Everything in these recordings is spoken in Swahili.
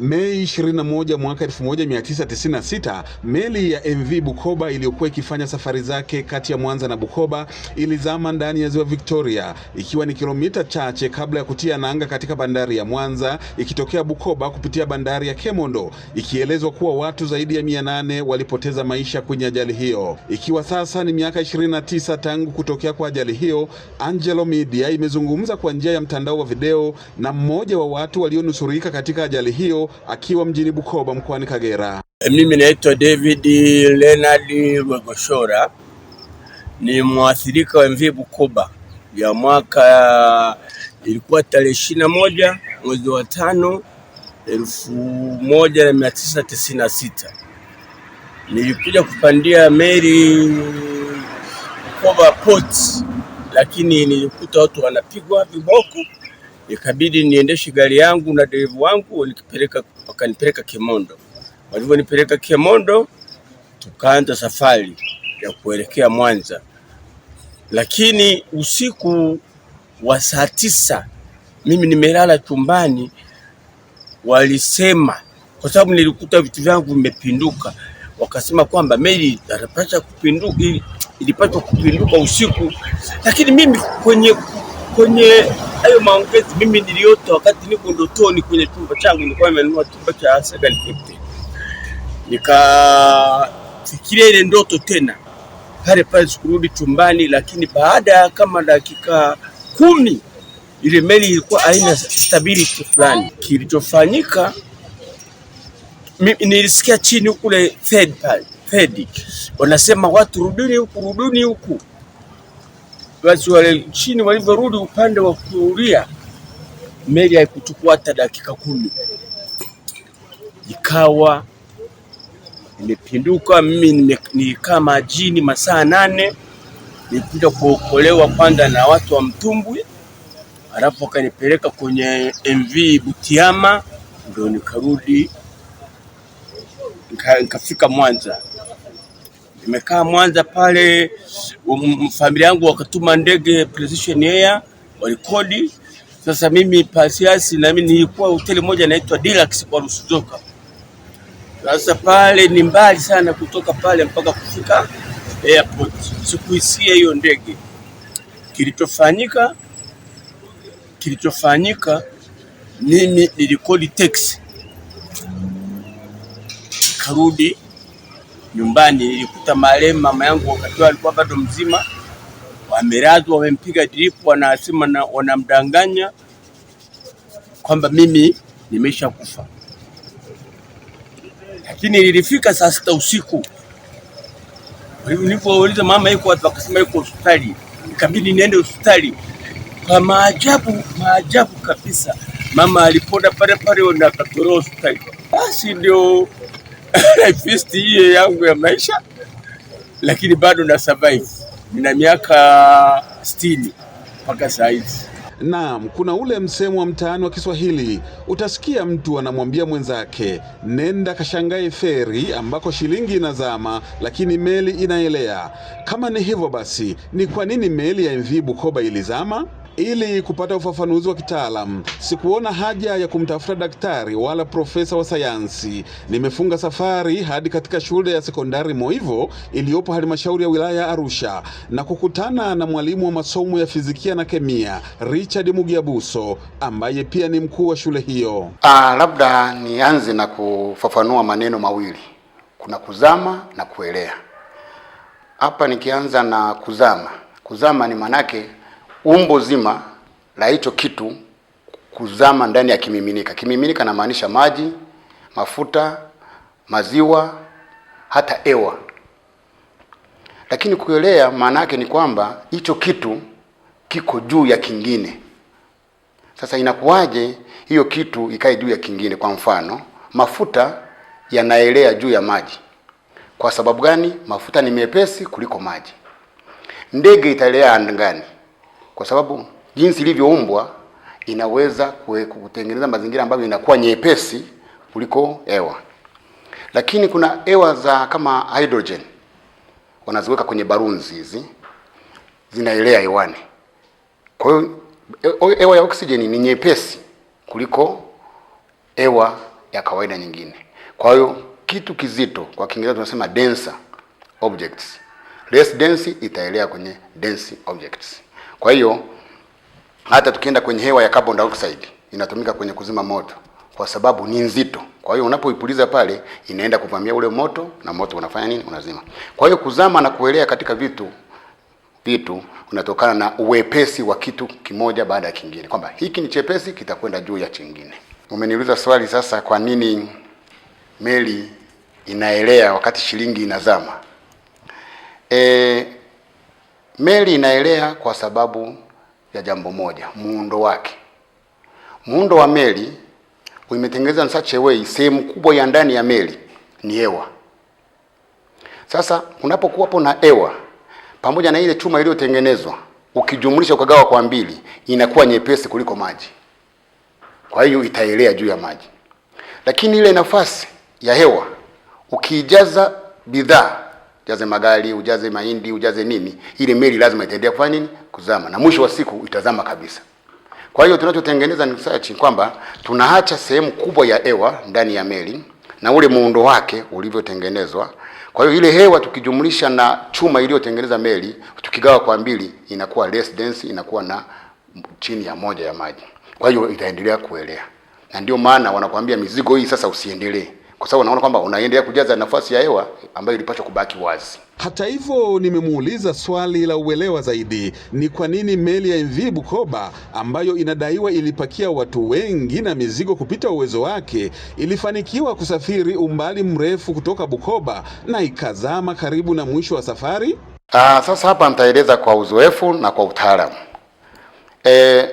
Mei 21 mwaka 1996, meli ya MV Bukoba iliyokuwa ikifanya safari zake kati ya Mwanza na Bukoba ilizama ndani ya ziwa Victoria ikiwa ni kilomita chache kabla ya kutia nanga katika bandari ya Mwanza ikitokea Bukoba kupitia bandari ya Kemondo, ikielezwa kuwa watu zaidi ya 800 walipoteza maisha kwenye ajali hiyo. Ikiwa sasa ni miaka 29 tangu kutokea kwa ajali hiyo, Angelo Media imezungumza kwa njia ya mtandao wa video na mmoja wa watu walionusurika katika ajali hiyo akiwa mjini Bukoba mkoani Kagera. Mimi naitwa David Leonard Rwegoshora, ni mwathirika wa MV Bukoba ya mwaka, ilikuwa tarehe ishirini na moja mwezi wa tano elfu moja na mia tisa tisini na sita nilikuja kupandia meli Bukoba port, lakini nilikuta watu wanapigwa viboko ikabidi niendeshe gari yangu na dereva wangu wakanipeleka wakanipeleka Kemondo. Walivyonipeleka Kemondo, tukaanza safari ya kuelekea Mwanza, lakini usiku wa saa tisa mimi nimelala chumbani. Walisema kwa sababu nilikuta vitu vyangu vimepinduka, wakasema kwamba meli ilipata kupinduka, ilipata kupinduka usiku, lakini mimi kwenye kwenye hayo maongezi mimi niliota wakati niko ndotoni kwenye chumba changu, nilikuwa nimenunua chumba cha Segal Capital, nikafikiria ile ndoto tena pale pale, sikurudi chumbani. Lakini baada ya kama dakika kumi ile meli ilikuwa aina stability fulani. Kilichofanyika nilisikia chini kule ile third pad, third wanasema watu rudini huku, rudini huku basi wale chini walivyorudi upande wa kuulia, meli haikuchukua hata dakika kumi ikawa imepinduka. Mimi nilikaa majini masaa nane, nilikuja kuokolewa kwanza na watu wa mtumbwi, alafu wakanipeleka kwenye MV Butiama, ndio nikarudi nikafika Mwanza. Nimekaa Mwanza pale, um, familia yangu wakatuma ndege Precision Air walikodi. Sasa mimi pasiasi mimi nilikuwa hoteli moja inaitwa Deluxe kwa rusuzoka Sasa pale ni mbali sana kutoka pale mpaka kufika airport, sikuisia hiyo ndege. Kilichofanyika, kilichofanyika mimi nilikodi taxi karudi nyumbani, nilikuta marehemu mama yangu wakati alikuwa bado mzima, wamelazwa, wamempiga drip, wanasema wanamdanganya kwamba mimi nimesha kufa, lakini lilifika saa sita usiku Nilipowauliza mama yuko wapi, akasema yuko hospitali. Ikabidi niende hospitali. Kwa maajabu, maajabu kabisa, mama alipoda pale pale na akatolewa hospitali. Basi ndio fist hii yangu ya maisha, lakini bado na survive. Nina miaka sitini mpaka saa hizi. Naam, kuna ule msemo wa mtaani wa Kiswahili utasikia mtu anamwambia mwenzake nenda kashangae feri ambako shilingi inazama lakini meli inaelea. Kama ni hivyo basi, ni kwa nini meli ya MV Bukoba ilizama? ili kupata ufafanuzi wa kitaalam. Sikuona haja ya kumtafuta daktari wala profesa wa sayansi. Nimefunga safari hadi katika shule ya sekondari Moivo iliyopo halmashauri ya wilaya ya Arusha na kukutana na mwalimu wa masomo ya fizikia na kemia Richard Mugiabuso ambaye pia ni mkuu wa shule hiyo. Aa, ah, labda nianze na kufafanua maneno mawili, kuna kuzama na kuelea. Hapa nikianza na kuzama, kuzama ni manake umbo zima la hicho kitu kuzama ndani ya kimiminika. Kimiminika namaanisha maji, mafuta, maziwa, hata hewa. Lakini kuelea maana yake ni kwamba hicho kitu kiko juu ya kingine. Sasa inakuwaje hiyo kitu ikae juu ya kingine? Kwa mfano, mafuta yanaelea juu ya maji. Kwa sababu gani? Mafuta ni mepesi kuliko maji. Ndege itaelea angani kwa sababu jinsi ilivyoumbwa inaweza kutengeneza mazingira ambayo inakuwa nyepesi kuliko hewa. Lakini kuna hewa za kama hydrogen wanaziweka kwenye balunzi hizi, zinaelea hewani. Kwa hiyo hewa ya oxygen ni nyepesi kuliko hewa ya kawaida nyingine. Kwa hiyo kitu kizito, kwa Kiingereza tunasema denser objects, less dense itaelea kwenye dense objects. Kwa hiyo hata tukienda kwenye hewa ya carbon dioxide inatumika kwenye kuzima moto kwa sababu ni nzito. Kwa hiyo unapoipuliza pale inaenda kuvamia ule moto na moto unafanya nini? Unazima. Kwa hiyo kuzama na kuelea katika vitu vitu unatokana na uwepesi wa kitu kimoja baada ya kingine, kwamba hiki ni chepesi kitakwenda juu ya chingine. Umeniuliza swali sasa, kwa nini meli inaelea wakati shilingi inazama? E, Meli inaelea kwa sababu ya jambo moja, muundo wake. Muundo wa meli umetengenezwa in such a way, sehemu kubwa ya ndani ya meli ni hewa. Sasa unapokuwapo na hewa pamoja na ile chuma iliyotengenezwa, ukijumlisha ukagawa kwa mbili, inakuwa nyepesi kuliko maji, kwa hiyo itaelea juu ya maji. Lakini ile nafasi ya hewa ukiijaza bidhaa ujaze magari, ujaze mahindi, ujaze nini, ile meli lazima itaendelea kufanya nini? Kuzama, na mwisho wa siku itazama kabisa. Kwa hiyo tunachotengeneza ni research kwamba tunaacha sehemu kubwa ya hewa ndani ya meli na ule muundo wake ulivyotengenezwa. Kwa hiyo ile hewa tukijumlisha na chuma iliyotengeneza meli, tukigawa kwa mbili, inakuwa less dense, inakuwa na chini ya moja ya maji. Kwa hiyo itaendelea kuelea, na ndio maana wanakuambia mizigo hii sasa usiendelee kwa sababu naona kwamba unaendelea kujaza nafasi ya hewa ambayo ilipaswa kubaki wazi. Hata hivyo, nimemuuliza swali la uelewa zaidi, ni kwa nini meli ya MV Bukoba ambayo inadaiwa ilipakia watu wengi na mizigo kupita uwezo wake ilifanikiwa kusafiri umbali mrefu kutoka Bukoba na ikazama karibu na mwisho wa safari? Aa, ah, sasa hapa nitaeleza kwa uzoefu na kwa utaalamu. E,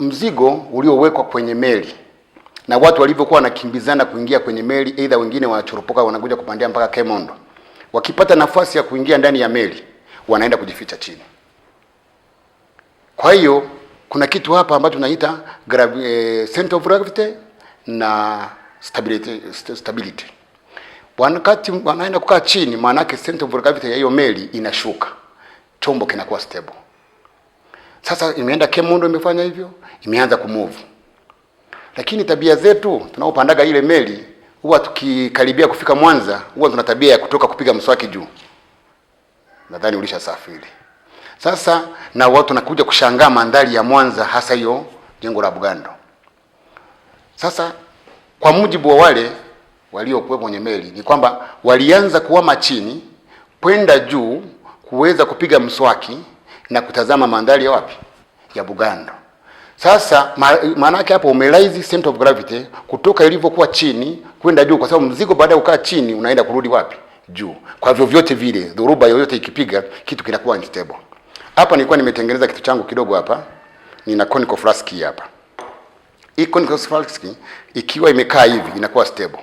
mzigo uliowekwa kwenye meli na watu walivyokuwa wanakimbizana kuingia kwenye meli, aidha wengine wanachoropoka wanakuja kupandia mpaka Kemondo. Wakipata nafasi ya kuingia ndani ya meli, wanaenda kujificha chini. Kwa hiyo kuna kitu hapa ambacho tunaita eh, center of gravity na stability, stability. Wakati wanaenda kukaa chini, maana yake center of gravity ya hiyo meli inashuka, chombo kinakuwa stable. Sasa imeenda Kemondo, imefanya hivyo, imeanza kumove lakini tabia zetu tunaopandaga ile meli, huwa tukikaribia kufika Mwanza, huwa tuna tabia ya kutoka kupiga mswaki juu. Nadhani ulishasafiri sasa, na watu nakuja kushangaa mandhari ya Mwanza, hasa hiyo jengo la Bugando. Sasa kwa mujibu wa wale waliokuwa kwenye meli ni kwamba walianza kuwama chini kwenda juu kuweza kupiga mswaki na kutazama mandhari ya wapi ya Bugando. Sasa maana yake hapo umeraise center of gravity kutoka ilivyokuwa chini kwenda juu, kwa sababu mzigo baada ya kukaa chini unaenda kurudi wapi? Juu. Kwa vyovyote vile, dhoruba yoyote ikipiga kitu kinakuwa unstable. Hapa nilikuwa nimetengeneza kitu changu kidogo hapa. Nina conical flask hii hapa. Hii conical flask ikiwa imekaa hivi inakuwa stable.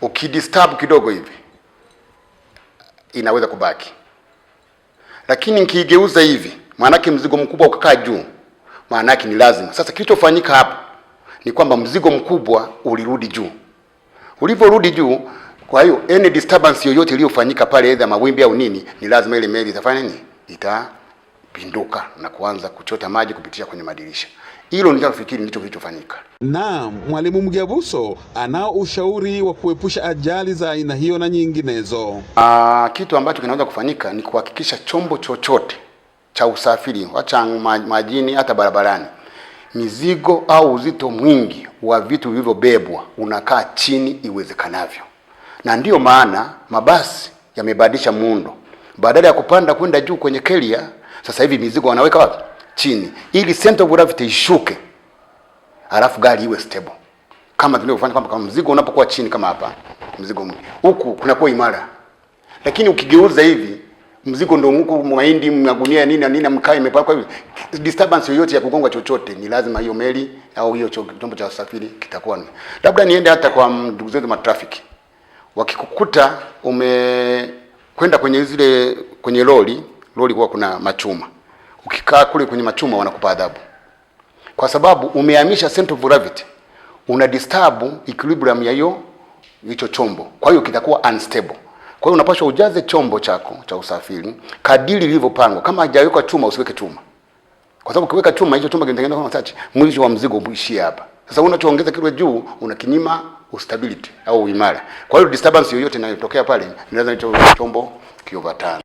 Ukidisturb kidogo hivi inaweza kubaki, lakini nikiigeuza hivi, maanake mzigo mkubwa ukakaa juu maana yake ni lazima. Sasa kilichofanyika hapa ni kwamba mzigo mkubwa ulirudi juu, ulivyorudi juu, kwa hiyo any disturbance yoyote iliyofanyika pale, aidha mawimbi au nini, ni lazima ile meli itafanya nini, itapinduka na kuanza kuchota maji kupitia kwenye madirisha. Hilo nitafikiri ndicho kilichofanyika. Naam, Mwalimu Mgabuso anao ushauri wa kuepusha ajali za aina hiyo na nyinginezo. Aa, ah, kitu ambacho kinaweza kufanyika ni kuhakikisha chombo chochote cha usafiri, wacha majini, hata barabarani, mizigo au uzito mwingi wa vitu vilivyobebwa unakaa chini iwezekanavyo, na ndiyo maana mabasi yamebadilisha muundo. Badala ya kupanda kwenda juu kwenye kelia, sasa hivi mizigo wanaweka wapi? Chini, ili center of gravity ishuke, alafu gari iwe stable, kama tunavyofanya kwamba kama mzigo unapokuwa chini kama hapa, mzigo mwingi huku kunakuwa imara, lakini ukigeuza hivi mzigo ndio huko mahindi magunia nini na nini mkaa imepakwa hivi, disturbance yoyote ya kugongwa chochote ni lazima hiyo meli au hiyo chombo cha usafiri kitakuwa. ni. Labda niende hata kwa mm, ndugu zetu ma traffic, wakikukuta umekwenda kwenye zile kwenye lori lori, kwa kuna machuma, ukikaa kule kwenye machuma wanakupa adhabu kwa sababu umehamisha center of gravity, una disturb equilibrium ya hiyo hicho chombo, kwa hiyo kitakuwa unstable. Kwa hiyo unapaswa ujaze chombo chako cha usafiri kadiri ilivyopangwa. Kama hajawekwa chuma, usiweke chuma, kwa sababu ukiweka chuma, hicho chuma kinatengenezwa kama sachi, mwisho wa mzigo uishie hapa. Sasa unachoongeza kile juu, unakinyima ustability au uimara. Kwa hiyo disturbance yoyote inayotokea pale, inaweza chombo kioverturn.